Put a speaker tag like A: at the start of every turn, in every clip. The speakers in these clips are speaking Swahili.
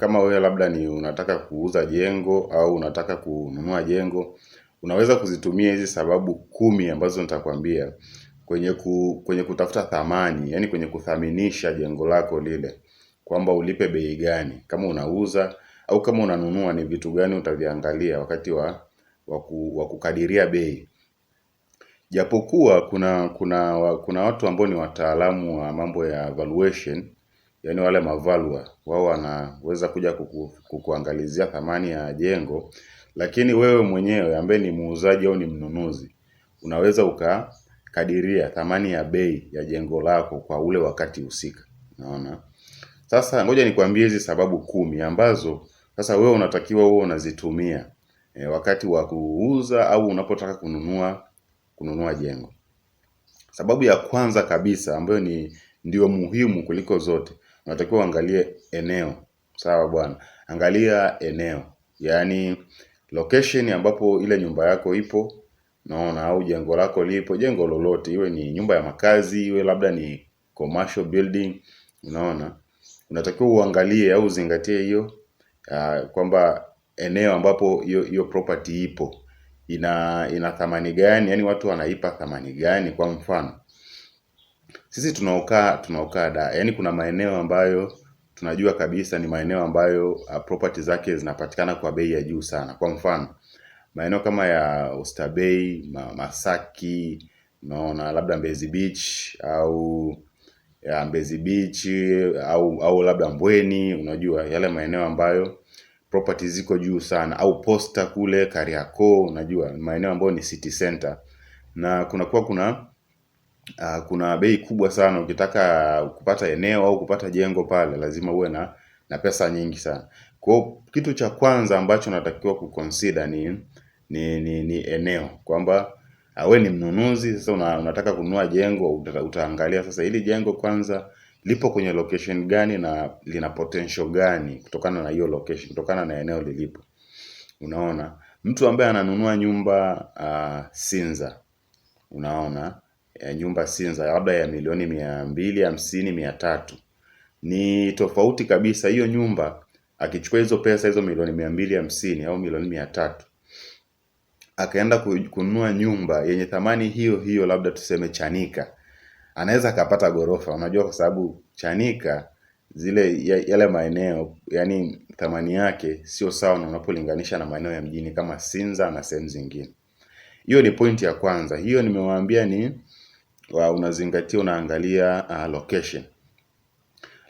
A: kama wewe labda ni unataka kuuza jengo au unataka kununua jengo, unaweza kuzitumia hizi sababu kumi ambazo nitakwambia kwenye ku, kwenye kutafuta thamani, yani kwenye kuthaminisha jengo lako lile kwamba ulipe bei gani, kama unauza au kama unanunua, ni vitu gani utaviangalia wakati wa wa kukadiria bei. Japokuwa kuna kuna kuna watu ambao ni wataalamu wa mambo ya valuation yaani wale mavalua wao wanaweza kuja kuku kukuangalizia thamani ya jengo, lakini wewe mwenyewe ambaye ni muuzaji au ni mnunuzi unaweza ukakadiria thamani ya bei ya jengo lako kwa ule wakati husika, Naona Sasa ngoja nikwambie hizi sababu kumi ambazo sasa wewe unatakiwa uwe unazitumia e, wakati wa kuuza au unapotaka kununua kununua jengo. Sababu ya kwanza kabisa ambayo ni ndio muhimu kuliko zote unatakiwa uangalie eneo. Sawa bwana, angalia eneo, yaani location ambapo ile nyumba yako ipo naona, au jengo lako lipo, jengo lolote, iwe ni nyumba ya makazi, iwe labda ni commercial building, unaona, unatakiwa uangalie au uzingatie hiyo uh, kwamba eneo ambapo hiyo hiyo property ipo ina ina thamani gani, yaani watu wanaipa thamani gani. Kwa mfano sisi tunaokaa tunaokaa da, yaani kuna maeneo ambayo tunajua kabisa ni maeneo ambayo uh, property zake zinapatikana kwa bei ya juu sana. Kwa mfano, maeneo kama ya Oysterbay, ma Masaki, unaona labda Mbezi Beach au ya Mbezi Beach au au labda Mbweni, unajua yale maeneo ambayo property ziko juu sana au Posta kule Kariakoo, unajua maeneo ambayo ni city center na kunakuwa kuna Ah, kuna bei kubwa sana ukitaka kupata eneo au kupata jengo pale lazima uwe na na pesa nyingi sana. Kwa kitu cha kwanza ambacho natakiwa kuconsider ni ni ni ni eneo kwamba awe ah, ni mnunuzi sasa una unataka kununua jengo uta utaangalia sasa hili jengo kwanza lipo kwenye location gani na lina potential gani kutokana na hiyo location kutokana na eneo lilipo. Unaona? Mtu ambaye ananunua nyumba ah, Sinza unaona ya nyumba Sinza labda ya milioni mia mbili hamsini mia tatu ni tofauti kabisa. Hiyo nyumba akichukua hizo pesa hizo milioni mia mbili hamsini au milioni mia tatu akaenda kununua nyumba yenye thamani hiyo hiyo, labda tuseme Chanika, anaweza akapata gorofa. Unajua, kwa sababu Chanika zile yale maeneo yani thamani yake sio sawa na unapolinganisha na maeneo ya mjini kama Sinza na sehemu zingine. Hiyo ni pointi ya kwanza, hiyo nimewaambia ni unazingatia unaangalia uh, location.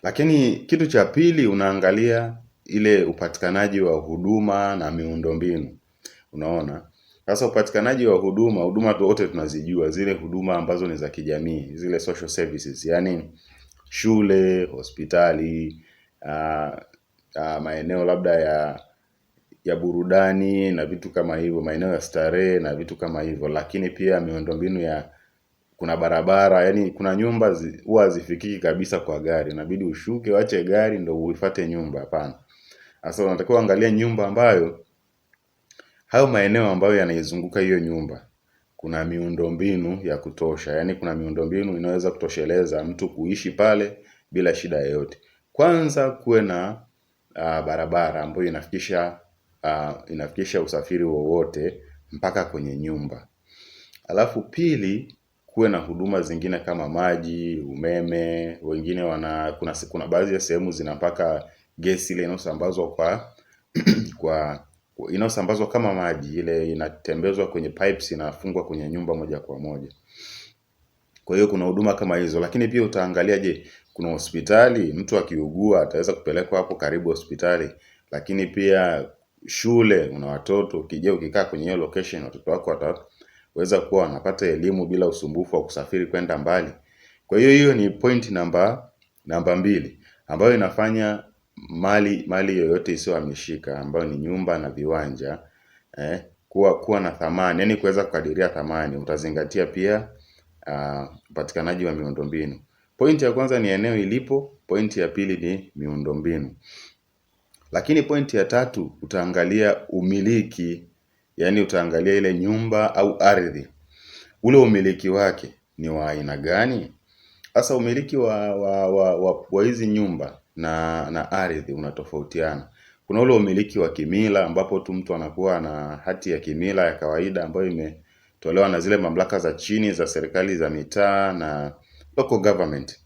A: Lakini kitu cha pili unaangalia ile upatikanaji wa huduma na miundombinu. Unaona? Sasa upatikanaji wa huduma, huduma wote tunazijua zile huduma ambazo ni za kijamii, zile social services, yani shule, hospitali, uh, uh, maeneo labda ya ya burudani na vitu kama hivyo, maeneo ya starehe na vitu kama hivyo, lakini pia miundombinu ya kuna barabara yani, kuna nyumba zi huwa hazifikiki kabisa kwa gari inabidi ushuke uache gari ndo uifate nyumba hapana. sasa unatakiwa uangalie nyumba ambayo hayo maeneo ambayo yanaizunguka hiyo nyumba kuna miundombinu ya kutosha yani kuna miundombinu inaweza kutosheleza mtu kuishi pale bila shida yoyote. Kwanza kuwe na barabara ambayo inafikisha inafikisha usafiri wowote mpaka kwenye nyumba. Alafu pili kuwe na huduma zingine kama maji, umeme, wengine wana kuna kuna baadhi ya sehemu zina mpaka gesi ile inayosambazwa kwa kwa inayosambazwa kama maji ile inatembezwa kwenye pipes inafungwa kwenye nyumba moja kwa moja. Kwa hiyo kuna huduma kama hizo, lakini pia utaangalia, je, kuna hospitali mtu akiugua ataweza kupelekwa hapo karibu hospitali, lakini pia shule, una watoto ukija ukikaa kwenye hiyo location watoto wako wata weza kuwa wanapata elimu bila usumbufu wa kusafiri kwenda mbali. Kwa hiyo hiyo ni point namba namba mbili ambayo inafanya mali mali yoyote isiyohamishika ambayo ni nyumba na viwanja eh, kuwa kuwa na thamani yaani kuweza kukadiria thamani utazingatia pia ah, upatikanaji uh, wa miundombinu. Pointi ya kwanza ni eneo ilipo, pointi ya pili ni miundombinu. Lakini pointi ya tatu utaangalia umiliki yaani utaangalia ile nyumba au ardhi, ule umiliki wake ni wa aina gani? Sasa umiliki wa wa wa, wa, wa hizi nyumba na na ardhi unatofautiana. Kuna ule umiliki wa kimila ambapo tu mtu anakuwa na hati ya kimila ya kawaida ambayo imetolewa na zile mamlaka za chini za serikali za mitaa na local government.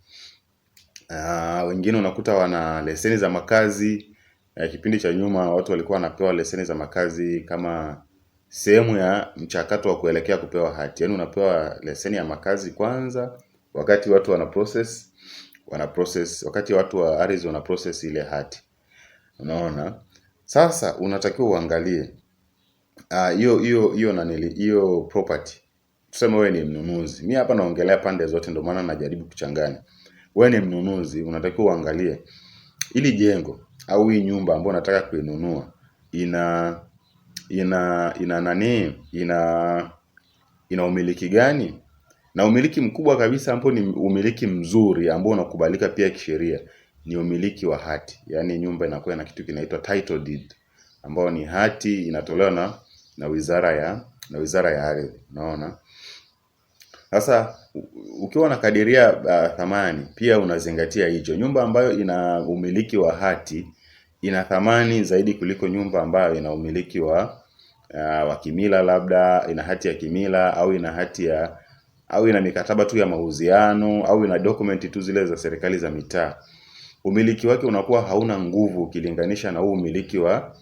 A: Uh, wengine unakuta wana leseni za makazi. Uh, kipindi cha nyuma watu walikuwa wanapewa leseni za makazi kama sehemu ya mchakato wa kuelekea kupewa hati. Yaani unapewa leseni ya makazi kwanza, wakati watu wana process wana process wakati watu wa ardhi wana process ile hati. Unaona? Sasa unatakiwa uangalie hiyo uh, ah, hiyo hiyo nanili hiyo property. Tuseme wewe ni mnunuzi. Mimi hapa naongelea pande zote ndio maana najaribu kuchanganya. Wewe ni mnunuzi, unatakiwa uangalie ili jengo au hii nyumba ambayo unataka kuinunua ina ina ina nani ina ina umiliki gani na umiliki mkubwa kabisa ambao ni umiliki mzuri ambao unakubalika pia kisheria ni umiliki wa hati yaani nyumba inakuwa na kitu kinaitwa title deed ambayo ni hati inatolewa na na wizara ya na wizara ya ardhi unaona sasa ukiwa unakadiria uh, thamani pia unazingatia hicho nyumba ambayo ina umiliki wa hati ina thamani zaidi kuliko nyumba ambayo ina umiliki wa uh, wa kimila labda ina hati ya kimila au ina hati ya au ina mikataba tu ya mauziano au ina dokumenti tu zile za serikali za mitaa. Umiliki wake unakuwa hauna nguvu ukilinganisha na huu umiliki wa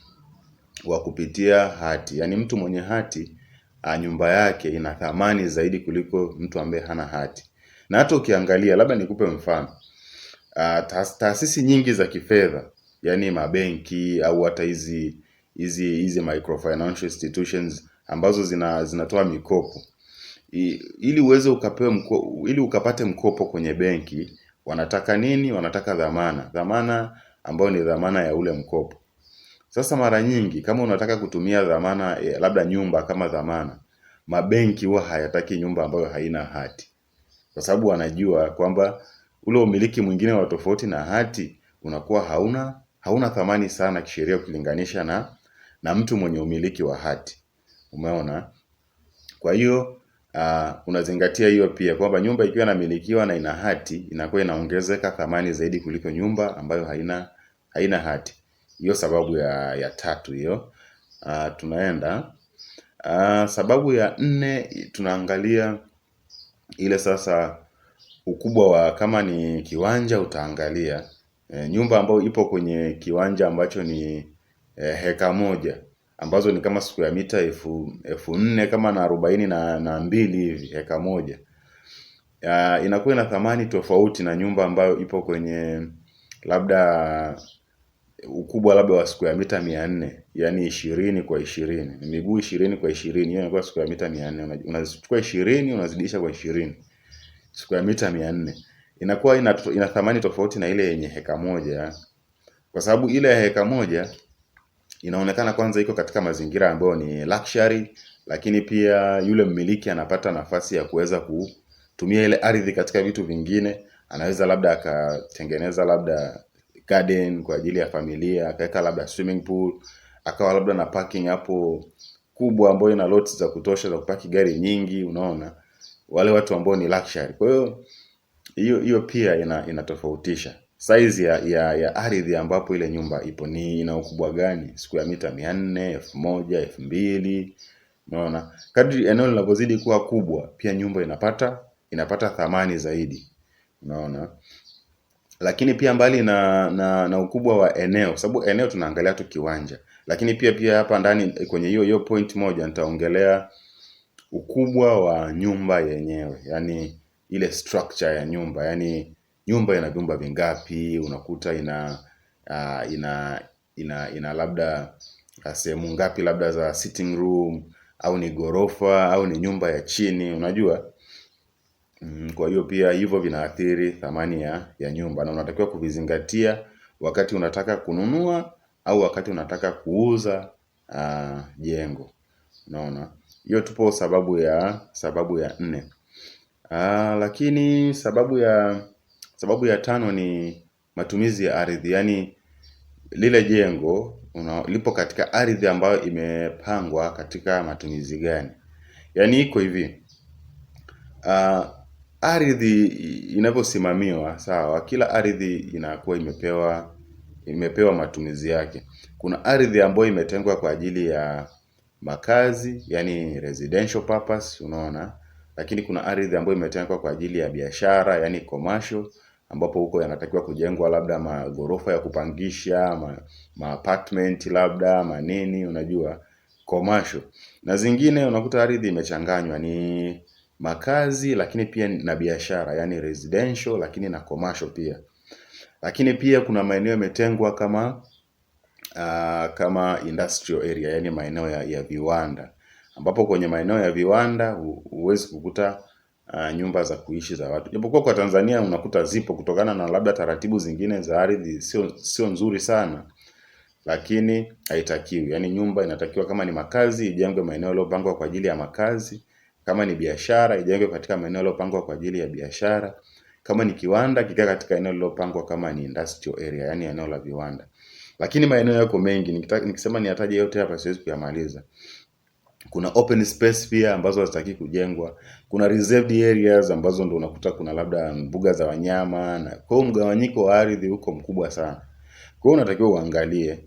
A: wa kupitia hati. Yaani mtu mwenye hati a, uh, nyumba yake ina thamani zaidi kuliko mtu ambaye hana hati. Na hata ukiangalia labda nikupe mfano. Uh, taasisi nyingi za kifedha yani mabenki au hata hizi hizi hizi microfinancial institutions ambazo zina zinatoa mikopo ili uweze ukapewe mko, ili ukapate mkopo kwenye benki wanataka nini? Wanataka dhamana, dhamana ambayo ni dhamana ya ule mkopo. Sasa mara nyingi kama unataka kutumia dhamana eh, labda nyumba kama dhamana, mabenki huwa hayataki nyumba ambayo haina hati, kwa sababu wanajua kwamba ule umiliki mwingine wa tofauti na hati unakuwa hauna hauna thamani sana kisheria ukilinganisha na na mtu mwenye umiliki wa hati. Umeona? Kwa hiyo uh, unazingatia hiyo pia kwamba nyumba ikiwa inamilikiwa na ina hati inakuwa inaongezeka thamani zaidi kuliko nyumba ambayo haina haina hati. Hiyo sababu ya ya tatu hiyo. Uh, tunaenda uh, sababu ya nne tunaangalia ile sasa ukubwa wa kama ni kiwanja utaangalia Eh, nyumba ambayo ipo kwenye kiwanja ambacho ni e, heka moja ambazo ni kama siku ya mita elfu elfu nne kama na arobaini na, na mbili hivi heka moja ya, inakuwa ina thamani tofauti na nyumba ambayo ipo kwenye labda ukubwa labda wa siku ya mita mia nne yani ishirini kwa ishirini miguu ishirini kwa ishirini hiyo inakuwa siku ya mita mia nne unazichukua ishirini unazidisha kwa ishirini siku ya mita mia nne inakuwa ina ina thamani tofauti na ile yenye heka moja, kwa sababu ile ya heka moja inaonekana kwanza iko katika mazingira ambayo ni luxury, lakini pia yule mmiliki anapata nafasi ya kuweza kutumia ile ardhi katika vitu vingine. Anaweza labda akatengeneza labda garden kwa ajili ya familia, akaweka labda swimming pool, akawa labda na parking hapo kubwa ambayo ina lots za kutosha za kupaki gari nyingi. Unaona wale watu ambao ni luxury, kwa hiyo hiyo hiyo pia ina, inatofautisha size ya, ya, ya ardhi ambapo ile nyumba ipo ni ina ukubwa gani siku ya mita mia nne elfu moja elfu mbili unaona kadri eneo linapozidi kuwa kubwa pia nyumba inapata inapata thamani zaidi unaona lakini pia mbali na na, na ukubwa wa eneo sababu eneo tunaangalia tu kiwanja lakini pia pia hapa ndani kwenye hiyo hiyo point moja nitaongelea ukubwa wa nyumba yenyewe yani ile structure ya nyumba, yaani nyumba ina vyumba vingapi, unakuta ina uh, ina ina ina labda ah, sehemu ngapi labda za sitting room au ni ghorofa au ni nyumba ya chini, unajua? Mm, kwa hiyo pia hivyo vinaathiri thamani ya ya nyumba na unatakiwa kuvizingatia wakati unataka kununua au wakati unataka kuuza uh, jengo. Unaona? Hiyo tupo sababu ya sababu ya nne. Ah, lakini sababu ya sababu ya tano ni matumizi ya ardhi yaani lile jengo lipo katika ardhi ambayo imepangwa katika matumizi gani. Yaani iko hivi ah, ardhi inavyosimamiwa sawa, kila ardhi inakuwa imepewa imepewa matumizi yake. Kuna ardhi ambayo imetengwa kwa ajili ya makazi yani residential purpose unaona. Lakini kuna ardhi ambayo imetengwa kwa ajili ya biashara, yani commercial ambapo huko yanatakiwa kujengwa labda maghorofa ya kupangisha, ma, ma apartment labda, manini unajua commercial. Na zingine unakuta ardhi imechanganywa ni makazi lakini pia na biashara, yani residential lakini na commercial pia. Lakini pia kuna maeneo yametengwa kama uh, kama industrial area yani maeneo ya, ya viwanda ambapo kwenye maeneo ya viwanda huwezi kukuta uh, nyumba za kuishi za watu, japokuwa kwa Tanzania unakuta zipo kutokana na labda taratibu zingine za ardhi sio sio nzuri sana, lakini haitakiwi. Yaani nyumba inatakiwa kama ni makazi ijengwe maeneo yaliyopangwa kwa ajili ya makazi, kama ni biashara ijengwe katika maeneo yaliyopangwa kwa ajili ya biashara, kama ni kiwanda kikae katika eneo lililopangwa kama ni industrial area, yani eneo la viwanda. Lakini maeneo yako mengi, nikisema niyataje yote hapa siwezi kuyamaliza kuna open space pia ambazo hazitaki kujengwa, kuna reserved areas ambazo ndo unakuta kuna labda mbuga za wanyama, na kwa hiyo mgawanyiko wa ardhi huko mkubwa sana. Kwa hiyo unatakiwa uangalie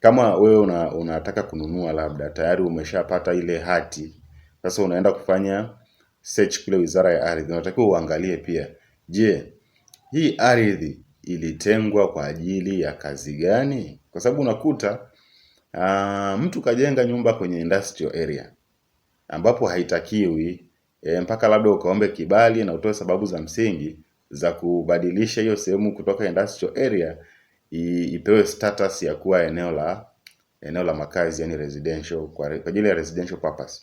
A: kama wewe una, unataka kununua labda tayari umeshapata ile hati, sasa unaenda kufanya search kule Wizara ya Ardhi, unatakiwa uangalie pia, je, hii ardhi ilitengwa kwa ajili ya kazi gani? Kwa sababu unakuta Uh, mtu kajenga nyumba kwenye industrial area ambapo haitakiwi e, mpaka labda ukaombe kibali na utoe sababu za msingi za kubadilisha hiyo sehemu kutoka industrial area i, ipewe status ya kuwa eneo la eneo la makazi yani residential kwa ajili ya residential purpose.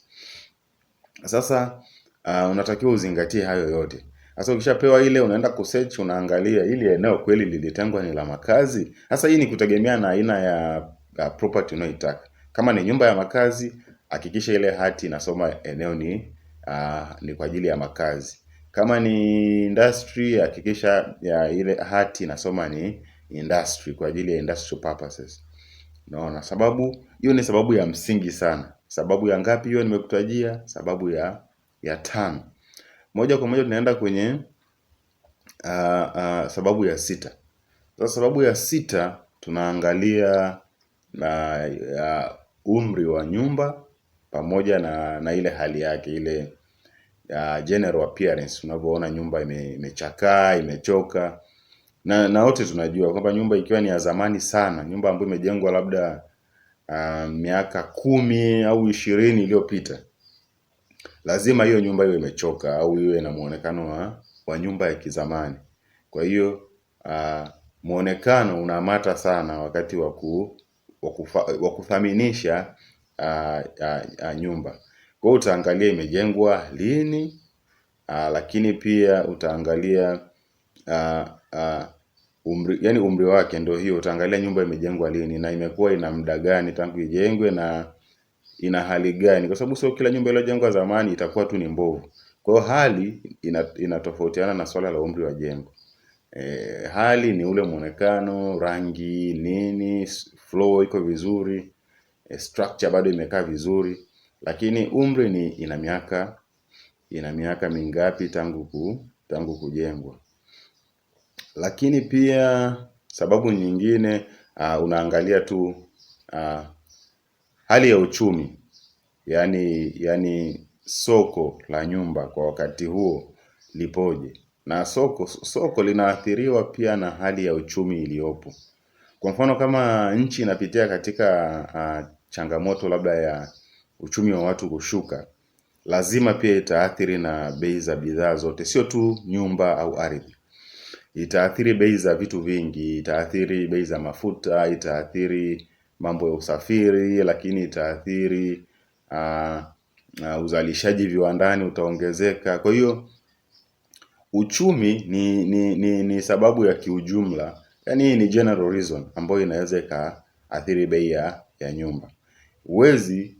A: Sasa uh, unatakiwa uzingatie hayo yote. Sasa ukishapewa ile unaenda kusearch unaangalia ili eneo kweli lilitengwa ni la makazi. Sasa hii ni kutegemea na aina ya uh, property unayoitaka. Kama ni nyumba ya makazi, hakikisha ile hati inasoma eneo ni uh, ni kwa ajili ya makazi. Kama ni industry, hakikisha ya ile hati inasoma ni industry kwa ajili ya industrial purposes. Unaona, sababu hiyo ni sababu ya msingi sana. Sababu ya ngapi hiyo nimekutajia? Sababu ya ya tano. Moja kwa moja tunaenda kwenye uh, uh, sababu ya sita. Sasa sababu ya sita tunaangalia na umri wa nyumba pamoja na, na ile hali yake ile uh, general appearance unavyoona nyumba ime, imechakaa imechoka na na wote tunajua kwamba nyumba ikiwa ni ya zamani sana nyumba ambayo imejengwa labda uh, miaka kumi au ishirini iliyopita lazima hiyo nyumba hiyo imechoka au iwe na muonekano wa, wa nyumba ya kizamani kwa hiyo uh, ah, muonekano unamata sana wakati wa ku wa kuthaminisha uh, uh, uh, nyumba. Kwa hiyo utaangalia imejengwa lini uh, lakini pia utaangalia uh, uh, umri, yani umri wake ndio hiyo. Utaangalia nyumba imejengwa lini na imekuwa ina muda gani tangu ijengwe na ina hali gani, kwa sababu sio kila nyumba iliyojengwa zamani itakuwa tu ni mbovu. Kwa hiyo hali inatofautiana na swala la umri wa jengo. Eh, hali ni ule mwonekano, rangi, nini, flow iko vizuri, eh, structure bado imekaa vizuri, lakini umri ni ina miaka ina miaka mingapi tangu ku, tangu kujengwa. Lakini pia sababu nyingine uh, unaangalia tu uh, hali ya uchumi yani yani soko la nyumba kwa wakati huo lipoje na soko soko linaathiriwa pia na hali ya uchumi iliyopo. Kwa mfano kama nchi inapitia katika uh, changamoto labda ya uchumi wa watu kushuka, lazima pia itaathiri na bei za bidhaa zote, sio tu nyumba au ardhi. Itaathiri bei za vitu vingi, itaathiri bei za mafuta, itaathiri mambo ya usafiri, lakini itaathiri uh, uh, uzalishaji viwandani utaongezeka. Kwa hiyo Uchumi ni ni ni ni sababu ya kiujumla, yani hii ni general reason ambayo inaweza ikaathiri bei ya ya nyumba. uwezi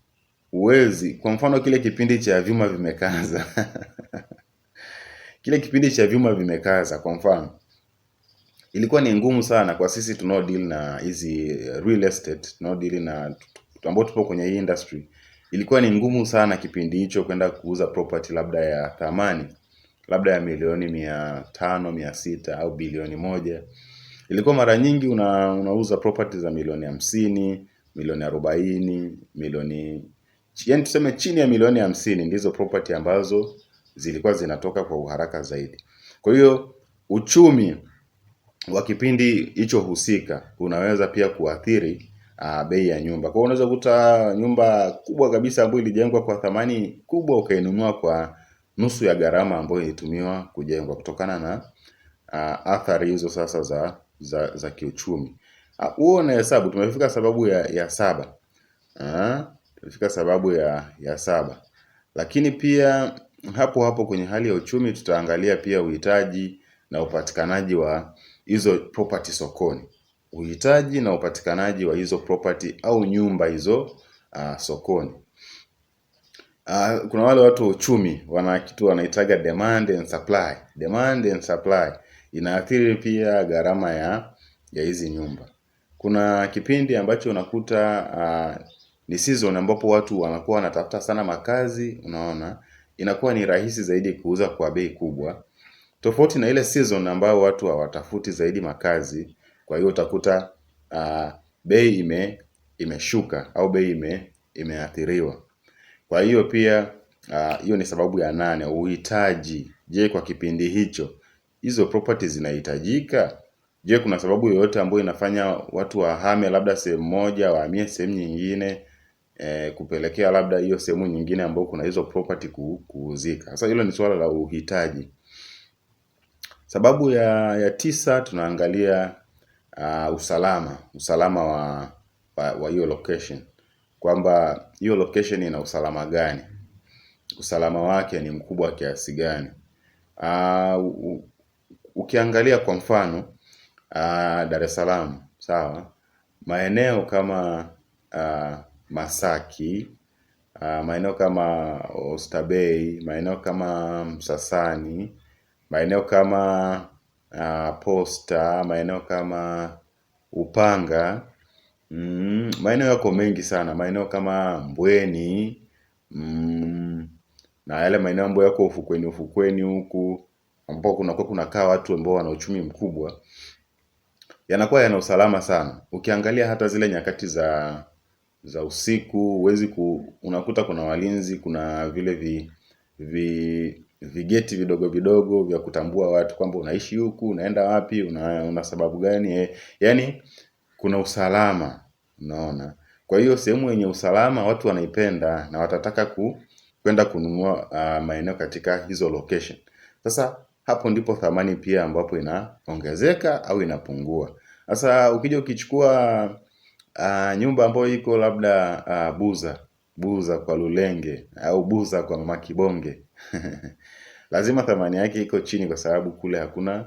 A: uwezi kwa mfano kile kipindi cha vyuma vimekaza Kile kipindi cha vyuma vimekaza kwa mfano, ilikuwa ni ngumu sana kwa sisi tunao deal na hizi eh, real estate, tunao deal na ambao tupo kwenye hii industry. Ilikuwa ni ngumu sana kipindi hicho kwenda kuuza property labda ya thamani labda ya milioni mia tano, mia sita au bilioni moja. Ilikuwa mara nyingi una, unauza property za milioni hamsini, milioni arobaini, milioni yani, tuseme chini ya milioni hamsini ndizo property ambazo zilikuwa zinatoka kwa uharaka zaidi. Kwa hiyo uchumi wa kipindi hicho husika unaweza pia kuathiri uh, bei ya nyumba. Kwa hiyo unaweza kuta nyumba kubwa kabisa ambayo ilijengwa kwa thamani kubwa ukainunua kwa nusu ya gharama ambayo ilitumiwa kujengwa kutokana na uh, athari hizo sasa za za, za kiuchumi. Huo na hesabu tumefika sababu ya, ya saba. Uh, tumefika sababu ya ya saba. Lakini pia hapo hapo kwenye hali ya uchumi tutaangalia pia uhitaji na upatikanaji wa hizo property sokoni. Uhitaji na upatikanaji wa hizo property au nyumba hizo uh, sokoni. Uh, kuna wale watu wa uchumi wana kitu wanaitaga demand and supply. Demand and supply inaathiri pia gharama ya ya hizi nyumba. Kuna kipindi ambacho unakuta uh, ni season ambapo watu wanakuwa wanatafuta sana makazi, unaona inakuwa ni rahisi zaidi kuuza kwa bei kubwa, tofauti na ile season ambayo watu hawatafuti zaidi makazi. Kwa hiyo utakuta uh, bei ime- imeshuka au bei ime- imeathiriwa. Kwa hiyo pia ah, hiyo ni sababu ya nane, uhitaji. Je, kwa kipindi hicho hizo properties zinahitajika? Je, kuna sababu yoyote ambayo inafanya watu wahame labda sehemu moja wahamie sehemu nyingine eh, kupelekea labda hiyo sehemu nyingine ambayo kuna hizo property kuuzika. Sasa hilo ni swala la uhitaji. Sababu ya ya tisa tunaangalia ah, usalama, usalama wa wa hiyo location kwamba hiyo location ina usalama gani, usalama wake ni mkubwa kiasi gani. Uh, ukiangalia kwa mfano uh, Dar es Salaam sawa, maeneo kama uh, Masaki uh, maeneo kama Oysterbay, maeneo kama Msasani, maeneo kama uh, Posta, maeneo kama Upanga Mm, maeneo yako mengi sana, maeneo kama mbweni mm, na yale maeneo ambayo yako ufukweni ufukweni huku kwa kuna kaa watu ambao wana uchumi mkubwa yanakuwa yana usalama sana. Ukiangalia hata zile nyakati za za usiku huwezi ku unakuta kuna walinzi, kuna vile vi vi vigeti vidogo vidogo vya kutambua watu kwamba unaishi huku, unaenda wapi, una una sababu gani, eh, yani kuna usalama, unaona. Kwa hiyo sehemu yenye usalama watu wanaipenda na watataka ku kwenda kununua uh, maeneo katika hizo location. Sasa hapo ndipo thamani pia ambapo inaongezeka au inapungua. Sasa ukija ukichukua uh, nyumba ambayo iko labda uh, Buza, Buza kwa Lulenge au Buza kwa Mama Kibonge lazima thamani yake iko chini kwa sababu kule hakuna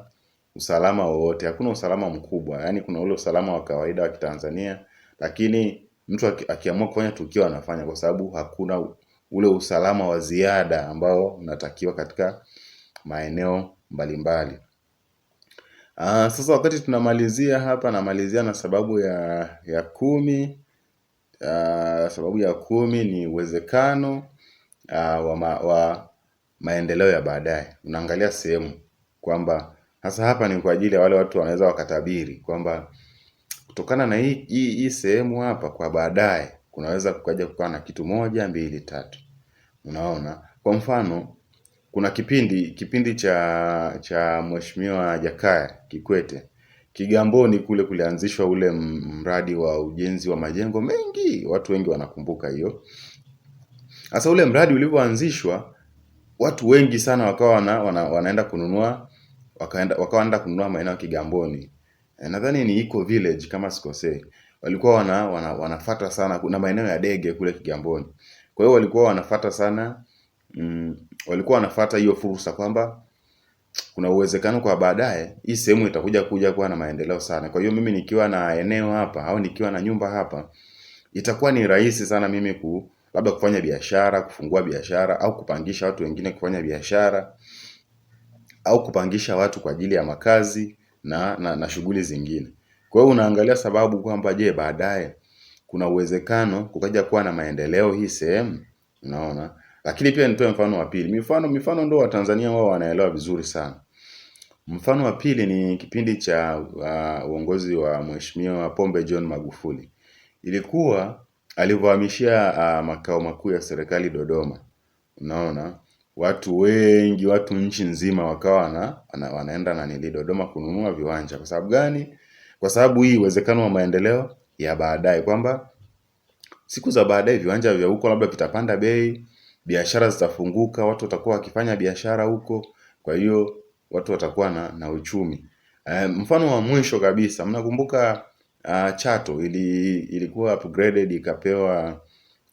A: usalama wowote. Hakuna usalama mkubwa. Yaani kuna ule usalama wa kawaida wa kitanzania lakini mtu akiamua kufanya tukio anafanya kwa sababu hakuna ule usalama wa ziada ambao unatakiwa katika maeneo mbalimbali. Ah, sasa wakati tunamalizia hapa namalizia na sababu ya ya kumi. Ah, sababu ya kumi ni uwezekano ah, wa maendeleo ya baadaye. Unaangalia sehemu kwamba Hasa hapa ni kwa ajili ya wale watu wanaweza wakatabiri kwamba kutokana na hii hii, hii sehemu hapa kwa baadaye kunaweza kukaja kukawa na kitu moja, mbili, tatu. Unaona? Kwa mfano kuna kipindi kipindi cha cha Mheshimiwa Jakaya Kikwete Kigamboni kule kulianzishwa ule mradi wa ujenzi wa majengo mengi, watu wengi wanakumbuka hiyo. Sasa ule mradi ulivyoanzishwa, watu wengi sana wakawa wana, wana, wanaenda kununua wakaenda wakaenda kununua maeneo ya Kigamboni. Eh, nadhani ni Eco Village kama sikosei. Walikuwa wana, wana wanafuata sana kuna maeneo ya Dege kule Kigamboni. Kwa hiyo walikuwa wanafuata sana mm, walikuwa wanafuata hiyo fursa kwamba kuna uwezekano kwa baadaye hii sehemu itakuja kuja kuwa na maendeleo sana. Kwa hiyo mimi nikiwa na eneo hapa au nikiwa na nyumba hapa itakuwa ni rahisi sana mimi ku labda kufanya biashara, kufungua biashara au kupangisha watu wengine kufanya biashara au kupangisha watu kwa ajili ya makazi na na, na shughuli zingine. Kwa hiyo unaangalia sababu kwamba je, baadaye kuna uwezekano kukaja kuwa na maendeleo hii sehemu? Unaona? Lakini pia nitoe mfano wa pili. Mifano mifano ndio Watanzania wao wanaelewa vizuri sana. Mfano wa pili ni kipindi cha uh, uongozi wa Mheshimiwa Pombe John Magufuli. Ilikuwa alivyohamishia uh, makao makuu ya serikali Dodoma. Unaona? watu wengi, watu nchi nzima wakawa na, wana, wanaenda na nili Dodoma kununua viwanja. Kwa sababu gani? Kwa sababu hii uwezekano wa maendeleo ya baadaye, kwamba siku za baadaye viwanja vya huko labda vitapanda bei, biashara zitafunguka, watu watakuwa wakifanya biashara huko, kwa hiyo watu watakuwa na, na uchumi. E, mfano wa mwisho kabisa mnakumbuka uh, Chato ili, ilikuwa upgraded ikapewa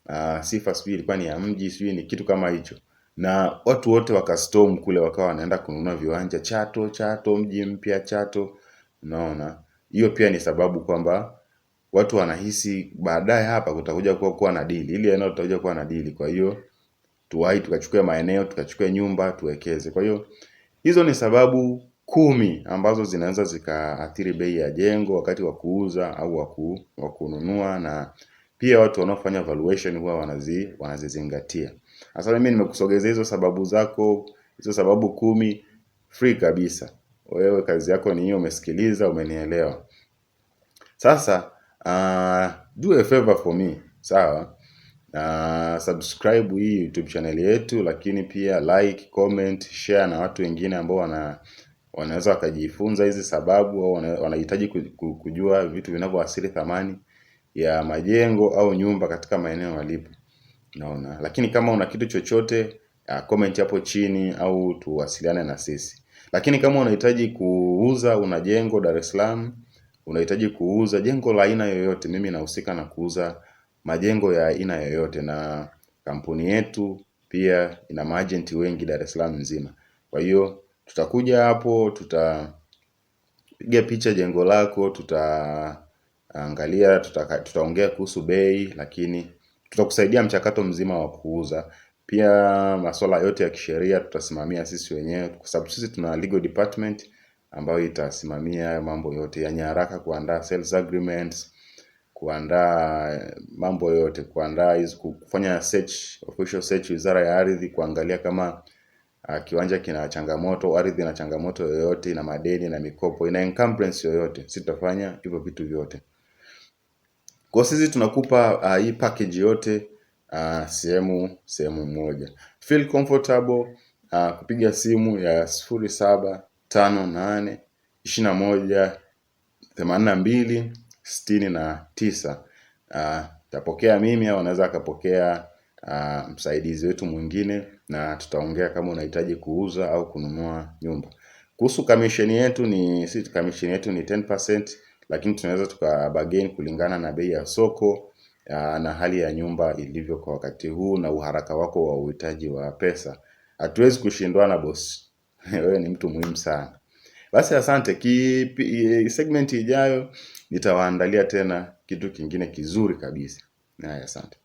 A: uh, sifa sijui ilikuwa ni ya mji sijui ni kitu kama hicho na watu wote wakastorm kule, wakawa wanaenda kununua viwanja Chato, Chato mji mpya Chato. Unaona, hiyo pia ni sababu kwamba watu wanahisi baadaye hapa kutakuja kuwa, kuwa na dili, ili eneo litakuja kuwa na dili. Kwa hiyo tuwahi tukachukua maeneo tukachukua nyumba tuwekeze. Kwa hiyo hizo ni sababu kumi ambazo zinaweza zikaathiri bei ya jengo wakati wa kuuza au wa kununua, na pia watu wanaofanya valuation huwa wanazi wanazizingatia. Sasa mimi nimekusogeza hizo sababu zako, hizo sababu kumi free kabisa. Wewe kazi yako ni hiyo, umesikiliza, umenielewa. Sasa uh, do a favor for me, sawa? Uh, subscribe hii YouTube channel yetu, lakini pia like, comment, share na watu wengine ambao wana wanaweza wakajifunza hizi sababu au wanahitaji kujua vitu vinavyoathiri thamani ya majengo au nyumba katika maeneo walipo. Naona. Lakini kama una kitu chochote uh, comment hapo chini au tuwasiliane na sisi. Lakini kama unahitaji kuuza una jengo Dar es Salaam, unahitaji kuuza jengo la aina yoyote, mimi nahusika na kuuza majengo ya aina yoyote, na kampuni yetu pia ina maagenti wengi Dar es Salaam nzima. Kwa hiyo tutakuja hapo, tutapiga picha jengo lako, tutaangalia, tutaongea kuhusu bei, lakini tutakusaidia mchakato mzima wa kuuza. Pia masuala yote ya kisheria tutasimamia sisi wenyewe kwa sababu sisi tuna legal department ambayo itasimamia mambo yote ya nyaraka, kuandaa sales agreements, kuandaa eh, mambo yote, kuandaa hizo, kufanya search, official search Wizara ya Ardhi, kuangalia kama uh, kiwanja kina changamoto, ardhi ina changamoto yoyote, ina madeni na mikopo, ina encumbrance yoyote, sisi tutafanya hivyo vitu vyote. Kwa sisi tunakupa uh, hii package yote uh, sehemu sehemu moja. Feel comfortable uh, kupiga simu ya sifuri saba tano nane ishirini na moja themanini na mbili sitini na tisa. Uh, tapokea mimi au anaweza akapokea uh, msaidizi wetu mwingine, na tutaongea kama unahitaji kuuza au kununua nyumba. Kuhusu kamisheni yetu ni sisi kamisheni yetu ni 10% lakini tunaweza tukabagain kulingana na bei ya soko ah, na hali ya nyumba ilivyo kwa wakati huu na uharaka wako wa uhitaji wa pesa. Hatuwezi kushindwana boss. Wewe ni mtu muhimu sana. Basi asante eh, segment ijayo nitawaandalia tena kitu kingine kizuri kabisa. Asante.